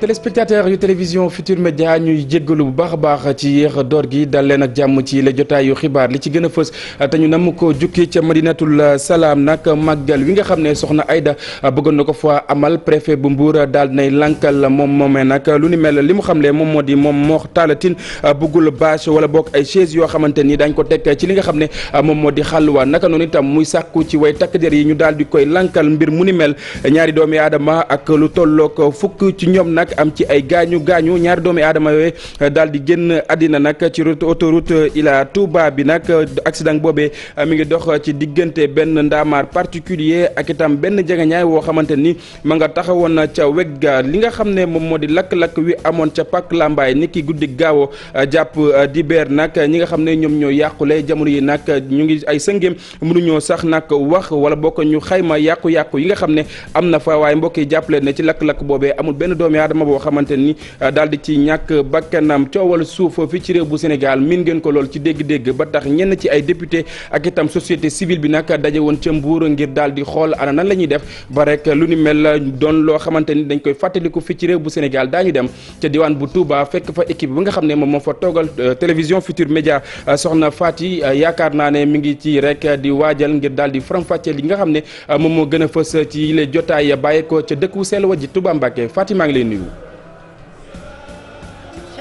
téléspectateurs yu télévision Futur Média ñuy jéggalu bu baax a baax ci yéex door gi dal leen ak jàmm ci la jotaayu xibaar li ci gën a fës te ñu nam ko jukki ca Madinatul Salaam nag màggal wi nga xam ne soxna Aida bëggoon na ko fa amal préfet bu Mbour daal nay lankal moom moomee nag lu ni mel li mu xam xamle moom moo di moom moo taalatin buggul bâche wala boog ay chaise yoo xamante ni dañ ko teg ci li nga xam ne moom moo di xàlluwaa naka noonu itam muy sàkku ci way takk der yi ñu daal koy lankal mbir mu ni mel ñaari doomi aadama ak lu tollook fukk ci ñoom nag am ci ay gaañu gaañu ñaari doomi aadama yooyu eh, daal di génn àddina nag ci autoroute eh, Ila Touba bi nag eh, accident boobee mi ngi dox ci diggante benn ndaamaar particulier ak itam benn jegeñaay woo xamante ni ma nga taxawoon ca weg ga li nga xam ne moom moo di lakk-lakk wi amoon ca pak lambaay ni ki guddi gaawo jàpp di dibeer nag ñi nga xam ne ñoom ñoo yàqule jamono yi nag ñu ngi ay sëngéem mënuñoo sax nak wax wala bokk ñu xayma yàqu-yàqu yi nga xam ne am na fa waaye mbokk yi jàppale ne ci lakk-lakk boobee amul benn doomi aadama aadama boo xamante ni euh, daal di ci ñàkk bakkanam coowal suuf fi ci réew bu Sénégal min ngeen ko lool ci dégg-dégg ba tax ñenn ci ay député ak itam société civile bi nag daje woon ca Mbuur ngir daal di xool ana nan la ñuy def ba rek lu ni mel doon loo xamante ni dañ koy fàttaliku fi ci réew bu Sénégal daañu dem ca diwaan bu Touba fekk fa équipe bi nga xam ne moom moo fa toogal euh, télévision Futur Média euh, soxna Fati yaakaar naa ne mi ngi ci rek di waajal ngir daal di faram-fàccee li nga xam ne moom moo gën a fës ci yile jotaay bàyyeekoo ca dëkku seel wa ji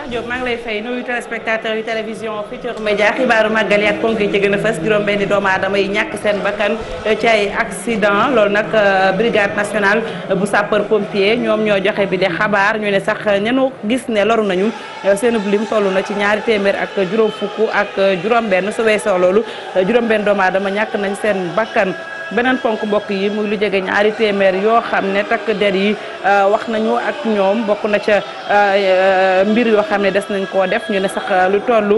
Cheikh Diop maa ngi lay fay nuyu téléspectateur yu télévision Futurs Médias xibaaru màggal yi ak ponk yi ci gën a fës juróom-benni doomu aadama yi ñàkk seen bakkan ci accident loolu nag euh, brigade nationale bu sapeur pompier ñoom ñoo joxe bi de xabaar ñu ne sax ñenu gis ne loru nañu euh, seen lim solu na ci ñaari téeméer ak juróom fukk ak euh, juróom-benn su weesoo loolu juróom-benn doomu aadama ñàkk nañ seen bakkan. beneen ponk mbokk yi muy lu jege ñaari téeméer yoo xam ne takk der yi euh, wax nañu ak ñoom bokk na ca euh, mbir yoo xam ne des nañ ko def ñu ne sax euh, lu toll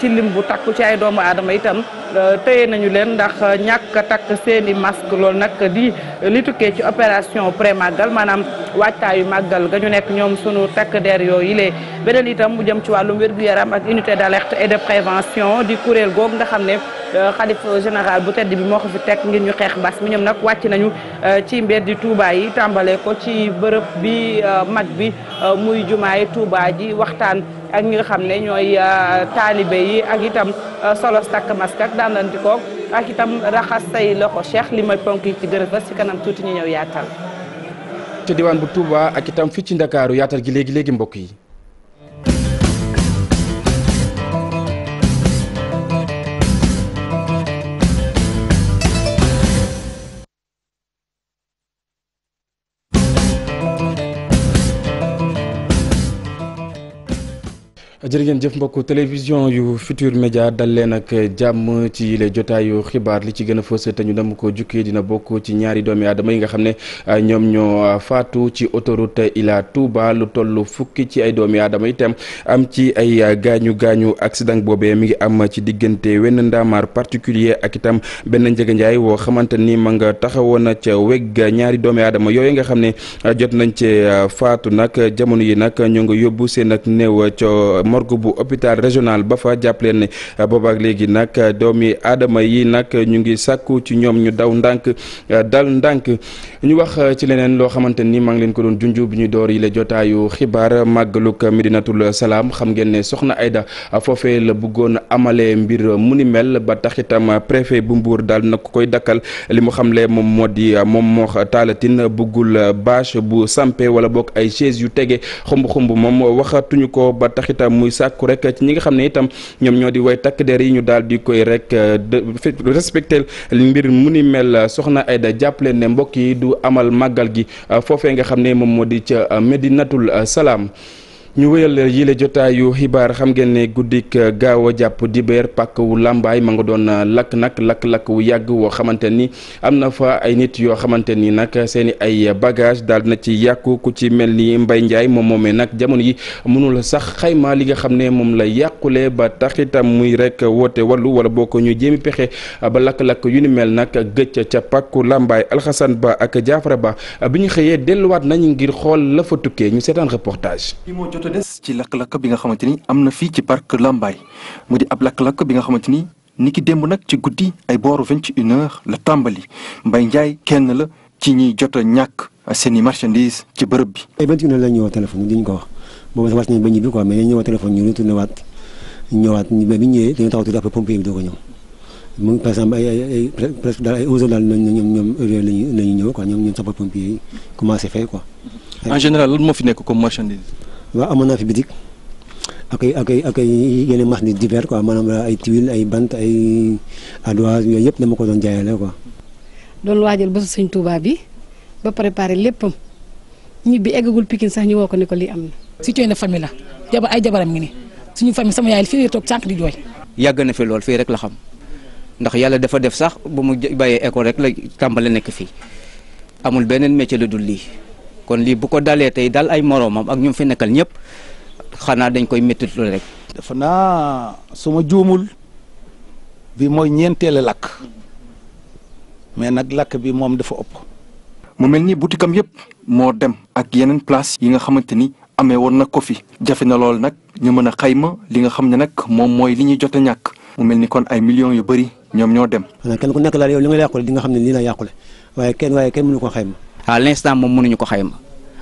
ci lim bu takku ci ay doomu aadama itam tëye nañu leen ndax ñàkk takk seeni masque loolu nag di li tukkee ci opération pré màggal maanaam waajtaayu màggal ga ñu nekk ñoom sunu takk der yooyu lee beneen itam mu jëm ci wàllum wér-gu-yaram ak unité d'alerte et de prévention di kuréel googu nga xam ne Euh, xalif général bu tedd bi moo ko fi teg ngir ñu xeex mbas mi ñoom nag wàcc nañu euh, ci mbeddi Touba yi tàmbale ko ci bërëb bi euh, mag bi muy jumaay Touba ji waxtaan ak ñi nga xam ne ñooy taalibe yi ak itam solos takk masque ak daandanti ko ak itam raxas say loxo Cheikh li may ponk yi ci gërëm ba si kanam tuuti ñu ñëw yaatal. ca bu Touba ak itam fii ci Ndakaaru yaatal gi léegi léegi mbokk yi. jërë ngeen jëf mbokku télévision yu Futur Média dal leen ak jàmm ci yile jotaayu xibaar li ci gën a fës te ñu dem ko jukkee dina bokk ci ñaari doomi aadama yi nga xam ne ñoom ñoo faatu ci autoroute illa Touba lu toll fukki ci ay doomi aadama itam am ci ay gaañu gaañu accident boobee mi ngi am ci diggante wenn ndaamaar particulier ak itam benn njëganjaay woo xamante ni ma nga taxawoon ca wegg ñaari doomi aadama yooyu nga xam ne jot nañ cee faatu nag jamono yi nag morgue bu hôpital régional ba fa jàppaleen ne boobaak léegi nag doomi aadama yi nag ñu ngi sàkku ci ñoom ñu daw ndànk dal ndànk ñu wax ci leneen loo xamante ni maa ngi leen ko doon junj bu ñu door yi la jotaayu xibaar màggaluk Medinatul Salaam xam ngeen ne soxna Aida foofee la bëggoon amale mbir mu ni mel ba tax itam bu Mbour daal na ku koy dakkal li mu xam xamle moom moo di moom moo taalatin bëggul bâche bu sampe wala boog ay chaise yu tege xumb ba tax itam muy sàkku rek ci ñi nga xam ne itam ñoom ñoo di way takk der yi ñu daal di koy rek euh, respecté mbir mu ni mel euh, soxna Aida jàppale ne mbokk yi du amal màggal gi euh, foofee nga xam ne moom moo di ca Medinatul Salaam. ñu wéyal yile jotaayu xibaar xam ngeen ne guddik euh, gaaw a jàpp dibeer pàkk wu làmbaay ma nga doon euh, lakk nag lakk-lakk wu yàgg woo xamante ni am na fa ay nit yoo xamante ni nag seen i ay bagage daal na ci yàqu ku ci mel nii Mbay Njaay moom moomee nag jamono yi mënul sax xayma li nga xam ne moom la yàqule ba taxitam muy rek woote wallu wala boo ko ñu jéemi pexe ba lakk-lakk yu ni mel nag gëcc ca pàkku làmbaay Alxasan Ba ak Jaafara Ba bi ñu xëyee delluwaat nañ ngir xool la tukkee ñu seetaan reportage te des ci lakk-lakk bi nga xamante ni am na fii ci parc Lambaye mu di ab lakk-lakk bi nga xamante ni ni ki dem nag ci guddi ay booru vingt une heure la tàmbali Mbaye Ndiaye kenn la ci ñiy jot a ñàkk seen i marchandise ci bërëb bi. ay vingt une heure la ñu ñëw téléphone di ñu ko wax boobu sax wàcc nañ ba ñibbi bi ñëwee dañu ko ñëw. mu ngi par exemple ay ay ay presque daal ay 11 heures daal ñoom ñoom heure la ñuy ñëw quoi ñoom en général lan moo fi nekk comme marchandise. waaw amoon naa fi bitik ak ay ak ay ak ay yeneen marchandises divers quoi maanaam ay tuiles ay bant ay adois yooyu yëpp dama ko doon jaayale ko doon waajal bésu sëñ bi ba préparé léppam ñibbi eggagul Pikine sax ñu woo ko ne ko lii am na. si cooy na famille la jabar ay jabaram ngi ni suñu famille sama yaay fii toog sànq di jooy. yàgg na fi lool fii rek la xam ndax yàlla dafa def sax ba mu bàyyee école rek la tàmbale nekk fii amul beneen métier la dul lii. kon lii bu ko dalee tey dal ay moroomam ak ñum fi nekkal ñëpp xanaa dañ koy méttitu rek. dafa naa suma juumul bi mooy ñeenteel lakk mais nag lakk bi moom dafa ëpp. mu mel ni butikam yëpp moo dem ak yeneen place yi nga xamante ni amee woon na ko fi jafe na lool nag ñu mën a xayma li nga xam ne nag moom mooy li ñuy jot a ñàkk mu mel ni kon ay millions yu bëri ñoom ñoo dem. xanaa kenn ku nekk daal yow li nga yàqule di nga xam ne lii la yàqule waaye kenn waaye kenn mënu ko xayma. à l'instant moom mënuñu ko xayma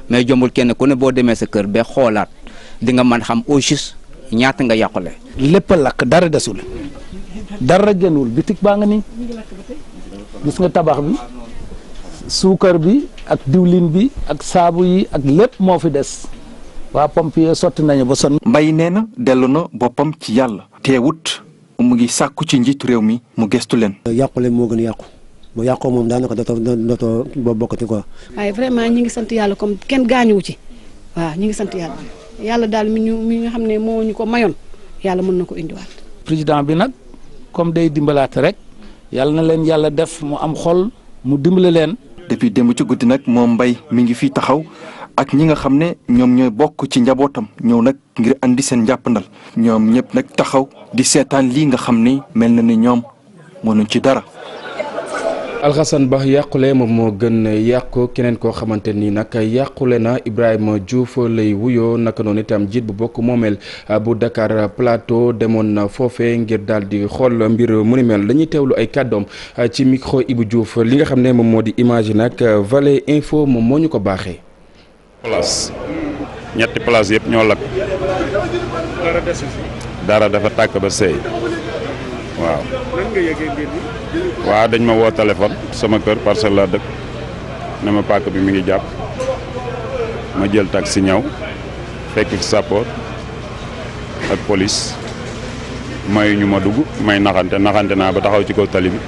mais jombul kenn ku ne boo demee sa kër bee xoolaat dinga nga mën xam au juste ñaata nga yàqule. lépp a lakk dara desul dara génnul bitik baa nga ni gis nga tabax bi suukar bi ak diwlin bi ak saabu yi ak lépp moo fi des waa pompier sotti nañu ba sonn. mbay nee na dellu na boppam ci yàlla. teewut mu ngi sàkku ci njiitu réew mi mu gestu leen. yàqule moo gën yàqu. bu yàqoo moom daanaka dootoo dootoo boo bokkati ko waaye vraiment ñi ngi sant yàlla comme kenn gaañuwu ci waaw ñi ngi sant yàlla yàlla daal mi ñu nga xam ne moo ñu ko mayoon yàlla mën na ko indiwaat. président bi nag comme day dimbalaate rek yàlla na leen yàlla def mu am xol mu dimbale leen. depuis démb ci guddi nag moom mbay mi ngi fii taxaw ak ñi nga xam ne ñoom ñooy bokk ci njabootam ñëw nag ngir indi seen njàppandal ñoom ñëpp nag taxaw di seetaan lii nga xam ni mel na ni ñoom mënuñ ci dara. Alxasan Ba yàqule moom moo gën yàqu keneen koo xamante ni nag yàqule na Ibrahima Diouf lay wuyoo naka noonu itam jiit bu bokk moomeel bu Dakar Plateau demoon na foofe ngir daal di xool mbir mu ni mel dañuy teewlu ay kàddoom ci micro Ibou Diouf li nga xam ne moom moo di image nag Vallée Info moom moo ñu ko baaxe place ñetti place yëpp ñoo lakk. dara dafa tàkk ba seey waaw dañ ma woo téléphone sama kër parcelle laa dëkk ne ma paaka bi mi ngi jàpp ma jël taxi ñëw fekk fi sappoor ak police may ñu ma dugg may naxante naxante naa ba taxaw ci kaw tali bi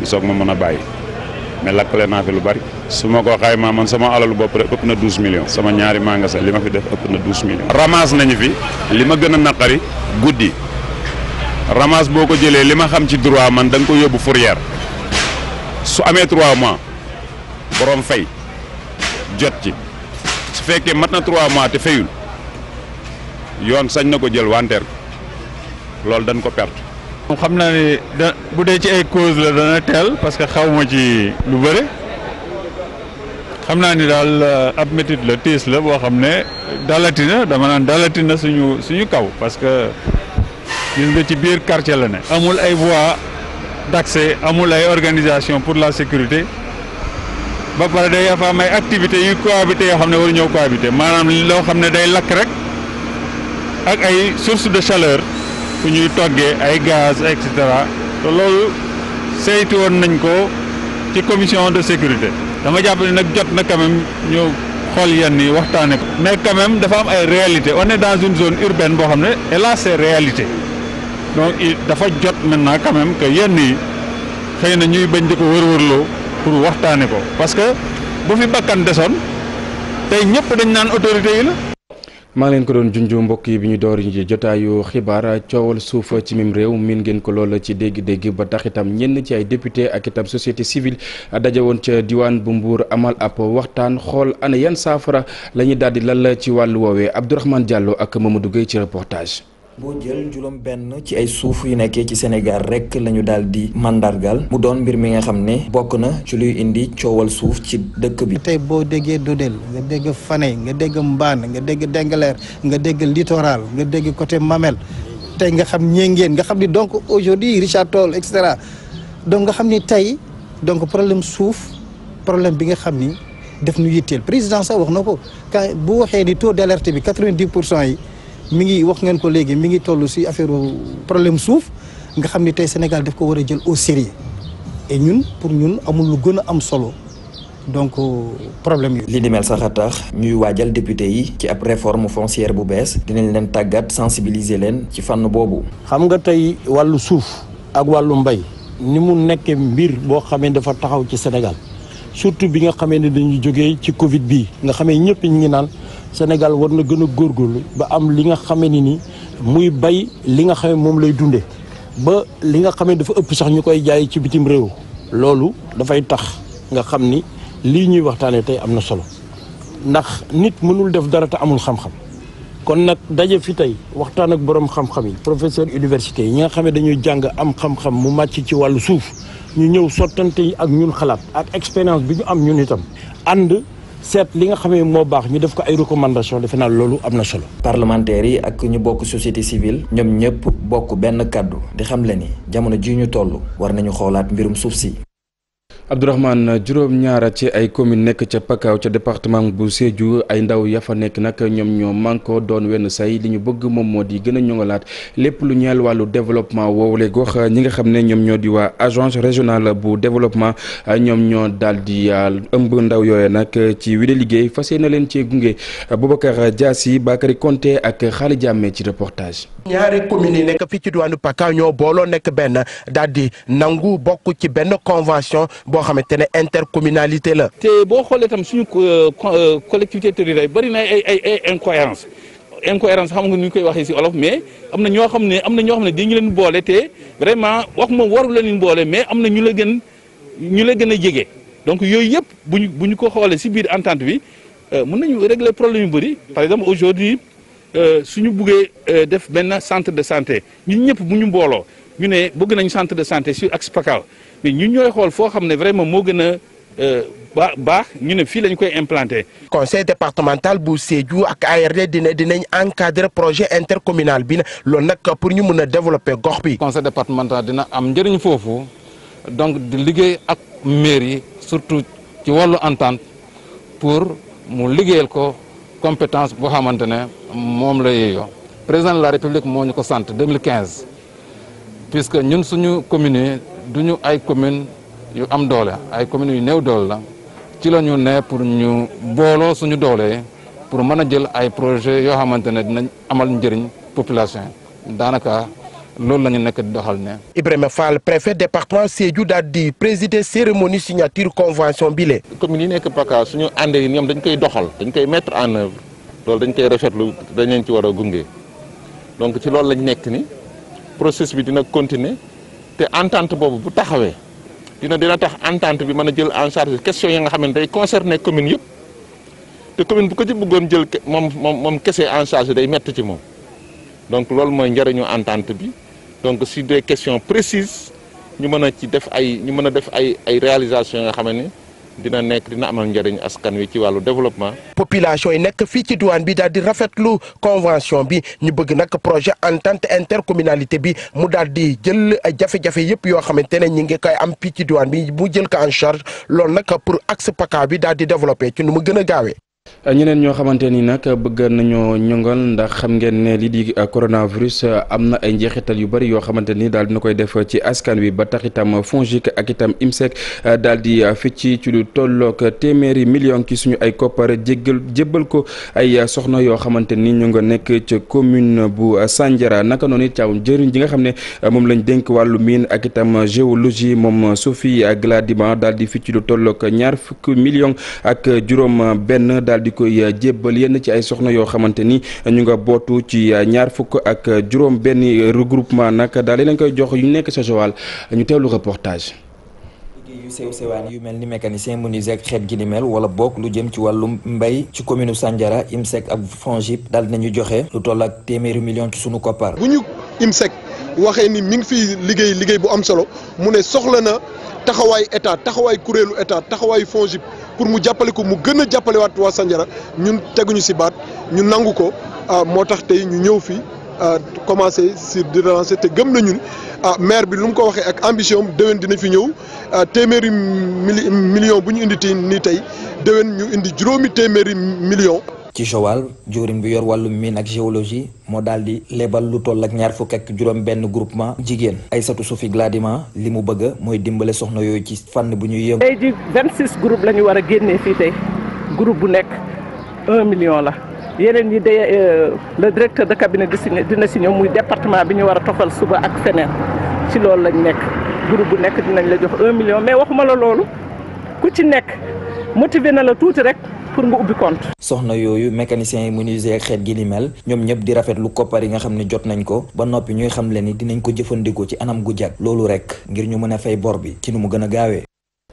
ñu soog ma mën a bàyyi mais lakkale naa fi lu bari. su ma ko xaymaa man sama alalu bopp rek ëpp na 12 million sama ñaari magasin li ma fi def ëpp na 12 millions. ramaas nañu fi li ma gën a naqari guddi. ramas boo ko jëlee li ma xam ci droit man da ko yóbbu fourrière su amee trois mois boroom fay jot ci su fekkee mat na trois mois te fayul yoon sañ na ko jël wanteer ko loolu dañ ko perte. moom xam naa ne da bu dee ci ay cause parce que xaw ma ci lu bëre xam naa ni daal euh, ab métit la tiis la boo xam ne dalati na dama naan dalati na suñu suñu kaw parce que. gis nga ci biir quartier la ne amul ay voie d'accès amul ay organisation pour la sécurité ba pare day fa am ay activité yu cohabité yoo xam ne waru ñëw cohabité maanaam loo xam ne day lakk rek ak ay source de chaleur fu ñuy toggee ay gaz et cetera te loolu saytu woon nañ ko ci commission de sécurité dama jàpp ne nag jot na quand même ñu xool yenn yi waxtaane ko mais quand même dafa am ay réalité on est dans une zone urbaine boo xam ne et là c'est réalité donc dafa jot maintenant quand même que yenn yi xëy na ñuy bañ di ko wërwërloo pour waxtaane ko parce que bu fi bakkan desoon tey ñëpp dañ naan autorité yi la. maa ngi leen ko doon junj mbokk yi bi ñu door jotaayu xibaar coowal suuf ci mim réew miin ngeen ko lool ci dégg-dégg ba tax itam ñenn ci ay député ak itam société civile daje woon ca diwaan bu mbuur amal ab waxtaan xool ana yan saafara la ñuy daal di lal ci wàllu woowee Abdourahmane Diallo ak Mamadou Gueye ci reportage. boo jël juróom benn ci ay suuf yu nekkee ci Sénégal rek la ñu daal di mandargal mu doon mbir mi nga xam ne bokk na ci luy indi coowal suuf ci dëkk bi. tey boo déggee Dodel nga dégg Fane nga dégg Mbane nga dégg Dengaleer nga dégg littoral nga dégg côté Mamel tey nga xam ñeengeen nga xam ni donc aujourd'hui Richard Toll et cetera donc nga xam ni tey donc problème suuf problème bi nga xam ni def nu yitteel président sax wax na ko ka bu waxee ni taux d'alerte bi quatre vingt pour cent yi. mi ngi wax ngeen ko léegi mi ngi toll si affaire problème suuf nga xam ni tey Sénégal daf ko war a jël au sérieux et ñun pour ñun amul lu gën a am solo donc euh, problème yi. li di mel sax a tax ñuy waajal député yi ci ab réforme foncière bu bees dinañ leen tàggat sensibiliser leen ci fànn boobu. xam nga tey wàllu suuf ak wàllu mbay ni mu nekkee mbir boo xamee dafa taxaw ci Sénégal surtout bi nga xamee ne dañuy jógee ci Covid bi nga xamee ñëpp ñu ngi naan. Sénégal war na gën a góorgóorlu ba am li nga xamee ni ni muy bay li nga xame moom lay dunde ba li nga xame dafa ëpp sax ñu koy jaay ci bitim réew loolu dafay tax nga xam ni lii ñuy waxtaanee tey am na solo ndax nit mënul def dara te amul xam-xam kon nag daje fi tey waxtaan ak borom xam-xam yi professeur université yi nga xam ne dañuy jàng am xam-xam mu màcc ci wàllu suuf ñu ñëw sottante yi ak ñun xalaat ak expérience bi ñu am ñun itam ànd seet li nga xamee moo baax ñu def ko ay recommandation defe naa loolu am na solo. parlementaire yi ak ñu bokk société civile ñoom ñëpp bokk benn kàddu di xam le ni jamono ji ñu toll war nañu xoolaat mbirum suuf si. Abdourahmane juróom-ñaara ci ay commune nekk ca Pakao ca département bu Sédhiou ay ndaw ya nekk nag ñoom ñoo manko doon wenn say li ñu bëgg moom moo di gën a ñoŋalaat lépp lu ñeel wàllu développement woowule gox ñi nga xam ne ñoom ñoo di waa agence régionale bu développement ñoom ñoo daal di ah, ëmb ndaw yooye nag ci wile liggéey fas yéene na leen cee gunge Boubacar Diassi Bakary Konté ak Xaali Jàmme ci reportage. ñaari communes yi nekk fii ci diwaanu Pakao ñoo booloo nekk benn daal di boo xamante ne intercommunalité la. te boo xoolee tam suñu euh, euh, collectivité territoriale bari na ay ay ay incohérence incohérence xam nga nu ñu koy waxee ci olof mais am na ñoo xam ne am na ñoo xam ne dañu leen boole te vraiment wax ma waru leen boole mais am na ñu la gën ñu lee gën a jege donc yooyu yëpp bu ñu bu ñu ko xoolee si biir entente bi euh, mun nañu régler problème yu bari par exemple aujourd'hui su ñu buggee def benn centre de santé ñu ñëpp bu ñu mbooloo. ñu ne bëgg nañ centre de santé sur ak Pakao mais ñun ñooy xool foo xam ne vraiment moo gën a euh, ba baax ñu ne fii lañ koy implanté. conseil départemental bu Sédhiou ak ARD dina dinañ encadrer projet intercommunal bi loolu nag pour ñu mun a développer gox bi. conseil départemental dina am njëriñ foofu donc di liggéey ak maire yi surtout ci wàllu entente pour mu liggéeyal ko compétence boo xamante ne moom la yeyoo président de la république moo ñu ko sant 2015. puisque ñun suñu communes yi du ñu ay communes yu am doole ay communes yu néew doole la ci la ñu ne pour ñu booloo suñu doole pour mën a jël ay projet yoo xamante ne dinañ amal njëriñ population daanaka loolu lañu ñu nekk di doxal ne. Ibrahima Fall préfet département Sédhiou daal di présider cérémonie signature convention bi le. communes yi nekk PACA suñu àndee ñoom dañ koy doxal dañ koy mettre en œuvre loolu dañ koy rafetlu dañ leen ci war a gunge donc ci loolu lañ nekk nii processus bi dina continuer te entente boobu bu taxawee dina dina tax entente bi mën a jël encharge charge question yi nga xam ne day concerner communes yëpp te commune bu ko ci bëggoon jël moom moom moom kese en day métti ci moom donc loolu mooy njëriñu entente bi donc si des questions précises ñu mën a ci def ay ñu mën a def ay ay réalisations yi nga xam ni dina nekk dina amal njëriñ askan wi ci wàllu développement. population yi nekk fii ci diwaan bi daal di rafetlu convention bi ñu bëgg nag projet en entente intercommunalité bi mu daal di jël jafe-jafe yëpp yoo xamante ne ñi ngi koy am fii ci diwaan bi mu jël ko en charge loolu nag pour axe PACA bi daal di développé ci nu mu gën a gaawee. ñeneen ñoo xamante ni nag bëgg nañoo ñongal ndax xam ngeen ne lii di coronavirus am na ay njeexital yu bari yoo xamante ni daal dina koy def ci askan wi ba tax itam FONGIP ak itam IMSEC daal di ficc ci lu tolloog téeméeri million ci suñu ay koppar jéggal jébbal ko ay soxna yoo xamante ni ñu nga nekk ci commune bu Sandiara naka noon it caaw jëriñ ji nga xam ne moom lañ dénk wàllu miin ak itam géologie moom Sophie Gladima daal di ficc lu tolloog ñaar fukki million ak juróom daal di koy euh, jébbal yenn ci ay soxna yoo xamante ni ñu nga bootu ci euh, ñaar fukk ak juróom benn regroupement nag dal di leen koy jox yu nekk sa Joal ñu teewlu reportage. yu sew sewaan yu mel ni mécanicien menuisier ak xeet gi ni mel wala bokk lu jëm ci wàllu mbay ci commune Sandiara IMSEC ak FONGIP na dinañu joxe lu toll ak téeméeri million ci sunu koppar. bu ñu IMSEC waxee ni mu ngi fi liggéey liggéey bu am solo mu ne soxla na taxawaay état taxawaay kuréelu état taxawaay FONGIP pour mu jàppale ko mu gën a jàppale waa Sandiara ñun teguñu si baat ñu nangu ko ah, moo tax tey ñu ñëw fii ah, commencé si di te gëm nañu ah maire bi lu mu ko waxee ak ambition am déwén dina fi ñëw ah, téeméeri million bu ñu indi ti nii tey déwén ñu indi juróomi téeméeri million ci Joal bi yor wàllum mine ak géologie moo daal di lebal lu toll ak ñaar fukk ak juróom benn groupement jigéen Aïssatou Sophie Gladima li mu bëgg mooy dimbale soxna yooyu ci fànn bu ñuy yëngu. tey ji 26 groupe ñu war a génnee fii tey groupe bu nekk 1 million la yeneen yi day euh, le directeur de cabinet dina si ñëw muy département bi ñu war a tofal suba ak feneen ci loolu lañ nekk groupe bu nekk dinañ la jox 1 million mais waxuma la loolu ku ci nekk motivé na la tuuti rek. pour nga ubbi compte. soxna yooyu mécanicien yi menuisier ak xeet gi ni mel ñoom ñëpp di rafet lu koppar yi nga xam ne jot nañ ko ba noppi ñuy xam le ni dinañ ko jëfandikoo ci anam gu jag loolu rek ngir ñu mën a fay bor bi ci ni mu gën a gaawee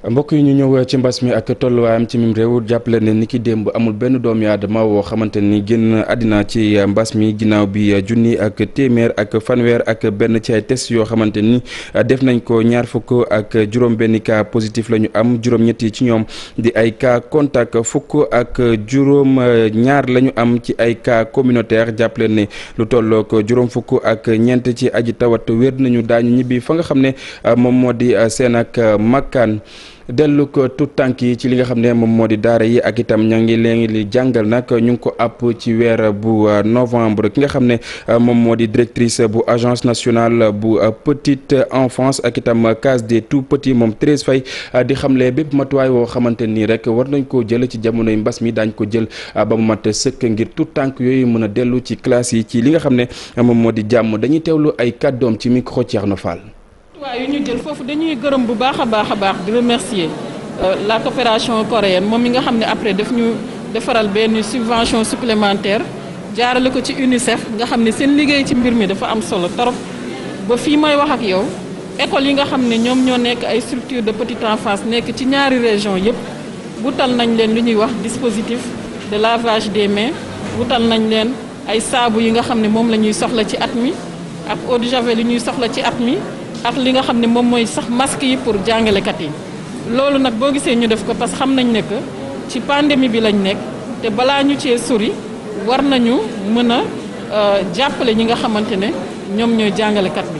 mbokk yi ñu ñëw eh, ci mbas mi ak tolluwaayam ci mim réew jàppale ne ni ki démb amul benn doomi aadama woo xamante ni génn àddina ci eh, mbas mi ginnaaw bi eh, junni ak téeméer ak fanweer ak benn ci ay test yoo xamante ni def nañ ko ñaar fukk ak juróom benn cas positif la ñu am juróom-ñetti ci ñoom di ay cas contact fukk ak juróom ñaar la ñu am ci ay kaa communautaire jàppale ne lu tolloo ko juróom fukk ak ñeent ci aji tawat wér nañu daañu ñibbi fa nga xam ne moom moo di seen ak makkaan dellu ko tout tànk yi ci li nga xam ne moom moo di daara yi ak itam ñaa ngi leen li jàngal nag ñu ngi ko àpp ci weer bu euh, novembre ki nga xam ne euh, moom moo di directrice bu agence nationale bu euh, petite enfance ak itam cas des tout petits moom Thérèse Faye di xam xamle bépp matuwaay woo xamante nii rek war nañ koo jël ci jamonoy mbas mi daañ ko jël ba mu mat sëkk ngir tout tànk yooyu mën a dellu ci classe yi ci li nga xam ne moom moo di jàmm dañuy teewlu ay kàddoom ci micro Thierno Fall waaw yu ñu jël foofu dañuy gërëm bu baax a baax a baax di remercier euh, la coopération coréenne moom mi nga xam ne après daf ñu defaral benn subvention supplémentaire jaarale ko ci UNICEF nga xam ne seen liggéey ci mbir mi dafa am solo trop ba fii may wax ak yow école yi nga xam ne ñoom ñoo nekk ay structure de petite enfance nekk ci ñaari région yépp wutal nañ leen lu ñuy wax dispositif de lavage des mains wutal nañ leen ay saabu yi nga xam ne moom la ñuy soxla ci at mi ak eau de ñuy soxla ci at mi ak li nga xam ne moom mooy sax masque yi pour jàngalekat yi loolu nag boo gisee ñu def ko parce que xam nañ ne que ci pandémie bi lañ nekk te balaa ñu cee sori war nañu mën a euh, jàppale ñi nga xamante ne ñoom ñooy jàngalekat bi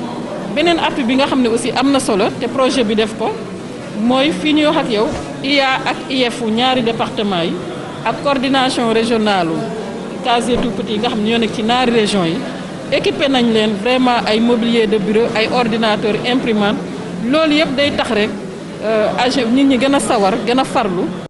beneen appui bi nga xam ne aussi am na solo te projet bi def ko mooy fii ñuy wax ak yow IA ak IEF ñaari département yi ak cordination régionale u case tout petit yi nga xam ne yoo nekk ci ñaari région yi équipé nañ leen vraiment ay mobilier de bureau ay ordinateur imprimante loolu yëpp day tax rek euh, agent nit ñi gën a sawar gën a farlu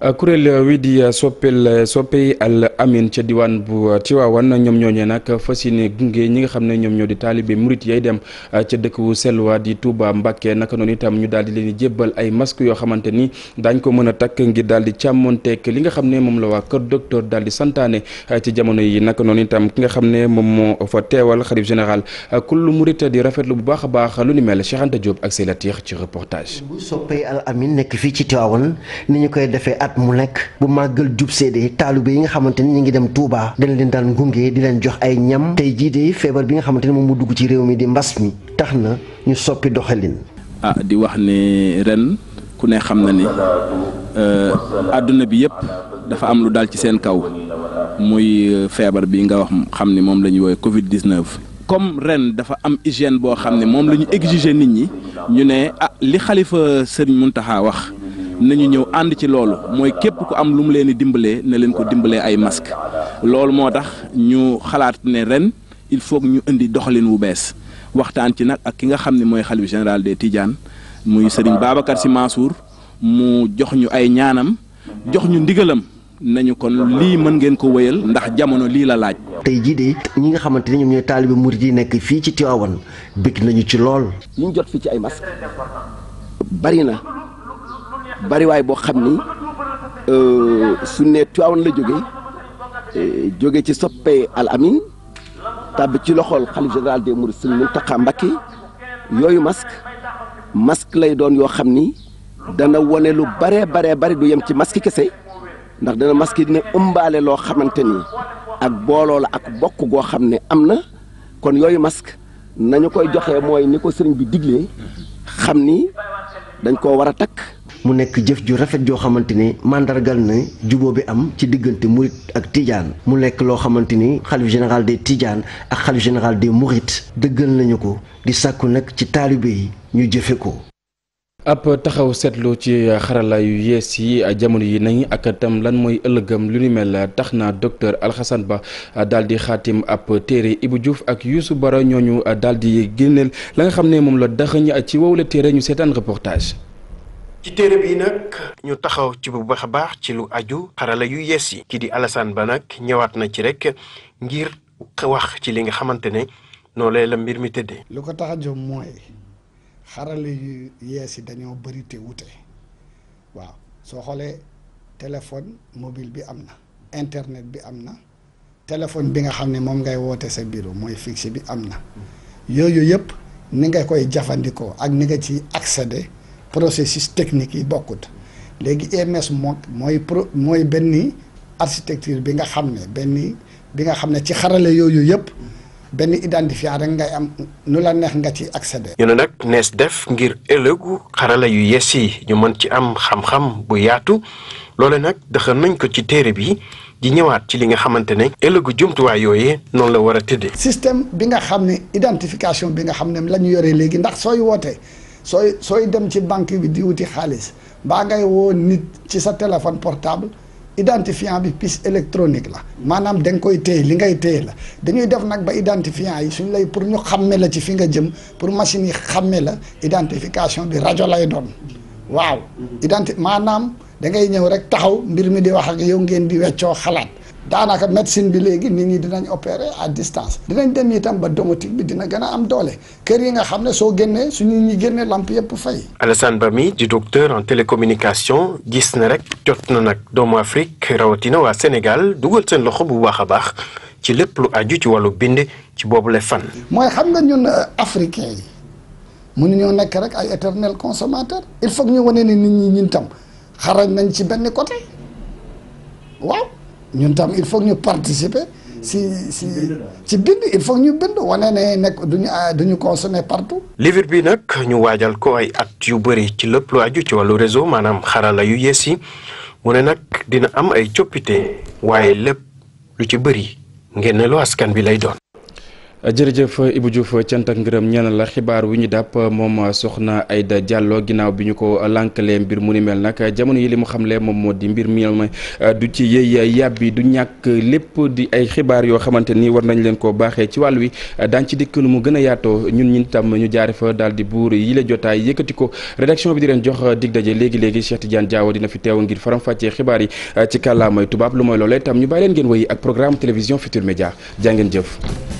Euh, kuréel euh, wi di soppeel euh, soppey al amin ca diwaan bu Tiwaawan ñoom ñooñee nag fas yéene gunge ñi nga xam ne ñoom ñoo di taalibe murit yay dem ca dëkk wu selwa di Touba Mbacke naka noonu itam ñu daal di leen jébbal ay masque yoo xamante ni daañ ko mën a takk ngir daal di càmmonteek li nga xam ne moom la waa kër docteur daal di santaane ci jamono yi naka noonu itam ki nga xam ne moom moo fa teewal xalif général kullu murit di rafetlu bu baax a baax lu ni mel Cheikh Anta Diop ak Seylatix ci reportage. bu soppey al amin at mu nekk bu màggal jub seede taalibe yi nga xamante ni ñu ngi dem Touba dañ leen daan gunge di leen jox ay ñam tey jiitee feebar bi nga xamante ni moom mu dugg ci réew mi di mbas mi tax na ñu soppi doxalin. ah di wax ne ren ku ne xam na ni àdduna euh, bi yëpp dafa am lu dal ci seen kaw muy euh, feebar bi nga wax xam ni moom la ñuy woowee Covid 19. comme ren dafa am hygiène boo xam ne moom la ñu exiger nit ñi ñu ne ah li xalifa sëriñ Muntaxa wax nañu ñëw ànd ci loolu mooy képp ku am lu mu leen di dimbalee na leen ko dimbalee ay masque loolu moo tax ñu xalaat ne ren il faut ñu indi doxalin wu bees waxtaan ci nag ak ki nga xam ne mooy xalif général des Tidiane muy Serigne Babacar Sy Mansour mu jox ñu ay ñaanam jox ñu ndigalam nañu kon lii mën ngeen ko wéyal ndax jamono lii la laaj. tey jii de ñi nga xamante ni ñoom ñooy taalibe murid yi nekk fii ci Tivaouane bëgg nañu ci lool. ñu jot fii ci ay masques bari na. bariwaay boo xam ni euh, su ne Tiwaawan la jóge euh, jóge ci soppe al amin tàbb ci loxool xalif général des mourides Sëriñ Muntaxa Mbakke yooyu masque masque lay doon yoo xam ni dana wane lu bare bare bari du yem ci masque kese ndax dana masque dina ëmbaale loo xamante ni ak booloo la ak bokk goo xam ne am na kon yooyu masque nañu koy joxe mooy ni ko sëriñ bi digle xam ni dañ koo war a takk mu nekk jëf ju rafet joo xamante ni mandargal na jubo bi am ci diggante murit ak tijaan mu nekk loo xamante ni xalif général des tijaan ak xalif général des murit dëggal nañu ko di sàkku nag ci taalibe yi ñu jëfe ko ab taxaw seetlu ci xarala yu yees yi jamono yi nañ ak tam lan mooy ëllëgam lu ni mel tax na docteur Alxasan Ba daal di xaatim ab téere ibu Diouf ak Youssou Bara ñooñu daal di génneel la nga xam ne moom la daxañ ci wow la téere ñu seetaan reportage ci téere bi nag ñu taxaw ci bu baax a baax ci lu aju xarala yu yees yi kii di Alassane Ba nag ñëwaat na ci rek ngir wax ci li nga xamante ne noonu la mbir mi tëddee. lu ko tax a mooy xarala yu yees yi dañoo bëri te wute waaw soo xoolee téléphone mobile bi am na internet bi am na téléphone bi nga xam ne moom ngay woote sa bureau mooy fixe bi am na mm. yooyu yëpp ni nga koy jafandikoo ak ni nga ci accéder. processus technique yi bokkut léegi EMS moo mooy pro mooy benn architecture bi nga xam ne benn bi nga xam ne ci xarale yooyu yëpp benn identifiant rek ngay am nu la neex nga ci accéder. ñu ne nag nees def ngir ëllëgu xarala yu yees yi ñu mën ci am xam-xam bu yaatu loole nag dax nañ ko ci téere bi di ñëwaat ci li nga xamante ne. ëllëgu jumtuwaay yooyee noonu la war a tëddee. système bi nga xam ne identification bi nga xam ne la ñu yore léegi ndax sooy wootee. sooy sooy dem ci banque bi di wuti xaalis baa ngay woo nit ci sa téléphone portable identifiant bi puce électronique la maanaam da nga koy téye li ngay téye la dañuy def nag ba identifiant yi suñ lay pour ñu xàmme la ci fi nga jëm pour machine yi xàmme la identification bi rajo lay doon waaw mm-hmm. identi maanaam da ngay ñëw rek taxaw mbir mi di wax ak yow ngeen di weccoo xalaat daanaka médecine bi léegi nit ñi dinañ opérer à distance dinañ dem itam ba domotique bi dina gën a am doole kër yi nga xam ne soo génnee su nit ñi génnee lamp yëpp fay. ba mi di docteur en télécommunication gis na rek jot na nag doomu Afrique rawatina waa Sénégal dugal seen loxo bu baax a baax ci lépp lu aju ci wàllu bind ci boobu boobule fan. mooy xam nga ñun euh, africain yi mënuñoo nekk rek ay éternel consommateur il faut ñu wane ne nit ñi ñun tam xarañ nañ ci benn côté waaw. ñun tam il faut ñu participer si si ci bind il faut ñu bind wane ne nekk duñu ah, duñu consommer partout livre bi nag ñu waajal ko ay at yu bëri ci lépp lu aju ci wàllu réseau maanaam xarala yu yees yi mu ne nag dina am ay coppite waaye lépp lu ci bëri ngeen ne lu askan bi lay doon jërëjëf Ibou Diouf cant ak ngërëm ñeena la xibaar wi ñu dàpp moom soxna Aida jàlloo ginnaaw bi ñu ko lànkalee mbir mu ni mel nag jamono yi li mu xamle moom moo di mbir mi du ci yëy yàbbi du ñàkk lépp di ay xibaar yoo xamante ni war nañ leen koo baaxee ci wàll wi daan ci dikk nu mu gën a yaatoo ñun ñun tam ñu jaare fa daal di buur yi la jotaay yëkkati ko rédaction bi di leen jox dig daje léegi léegi Cheikh Tidiane Diawo dina fi teew ngir faram-fàccee yi ci kàllaamay tubaab lu mooy loolee tam ñu bàyyi ngeen woy ak programme télévision Futur Média jaa ngeen jëf